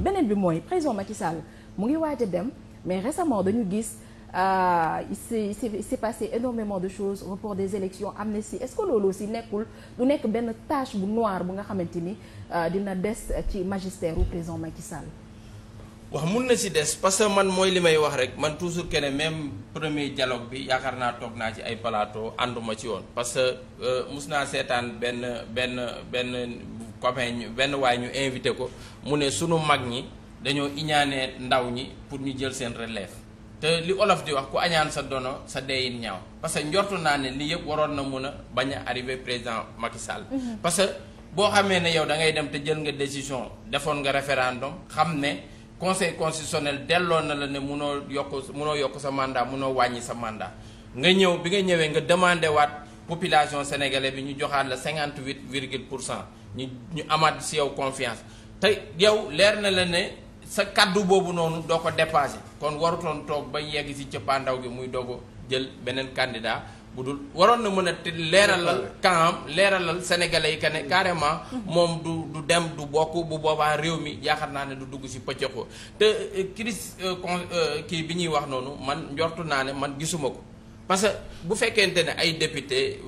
beneen bi mooy président Macky Sall mu ngi waaj dem mais récemment dañu gis euh, il s'est il s'est passé énormément de choses report des élections am est si que loolu aussi nekkul du nekk benn tâche bu noire bu nga xamante ni euh, dina des ci magistère u président Macky Sall. wax mun na si des parce que man mooy li may wax rek man toujours keneen ne même premier dialogue bi yaakaar naa toog naa ci ay plateau ànduma ci yoon parce que euh, mus naa seetaan benn benn benn copain benn waay ñu invité ko mu ne sunu mag ñi dañoo iñaanee ndaw ñi pour ñu jël seen relève te li olof di wax ku añaan sa dono sa deyin ñaaw parce que njortu naa ne lii yëpp waroon na mun a bañ a arrivé président Macky Sall mhm. parce que boo xamee ne yow da ngay dem te jël nga décision defoon nga référendum xam ne conseil constitutionnel delloon na la ne munoo yokk munoo yokk sa mandat munoo wàññi sa mandat nga ñëw bi nga ñëwee nga demandé waat population sénégalaise bi ñu joxaat la 58 virgule pour cent ñu ñu amaat si yow confiance te yow leer na la ne sa kàddu boobu noonu doo ko dépassé kon warutoon toog ba yegg si cëppaandaw gi muy doog jël beneen candidat bu dul waroon na mën a leeralal kaam leeralal sénégalais yi que ne carrément moom du du dem du bokk bu boobaa réew mi yaakaar naa ne du dugg si pëccëxoo te crise euh, con euh, kii bi ñuy wax noonu man njortu naa ne man gisuma ko parce que bu fekkente ne ay député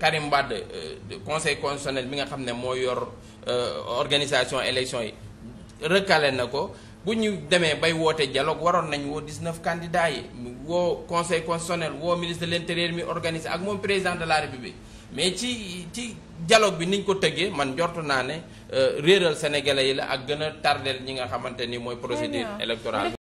Karim Wade euh, conseil constitutionnel bi nga xam ne moo yor euh, organisation élection yi recalé na ko bu ñu demee bay woote dialogue waroon nañ woo 19 candidats yi woo conseil constitutionnel woo ministre de l'intérieur mi organisé ak moom président de la république mais ci ci dialogue bi niñ ko tëggee man njortu naa ne euh, réeral sénégalais yi la ak gën a tardeel ñi nga xamante ni mooy procédure électorale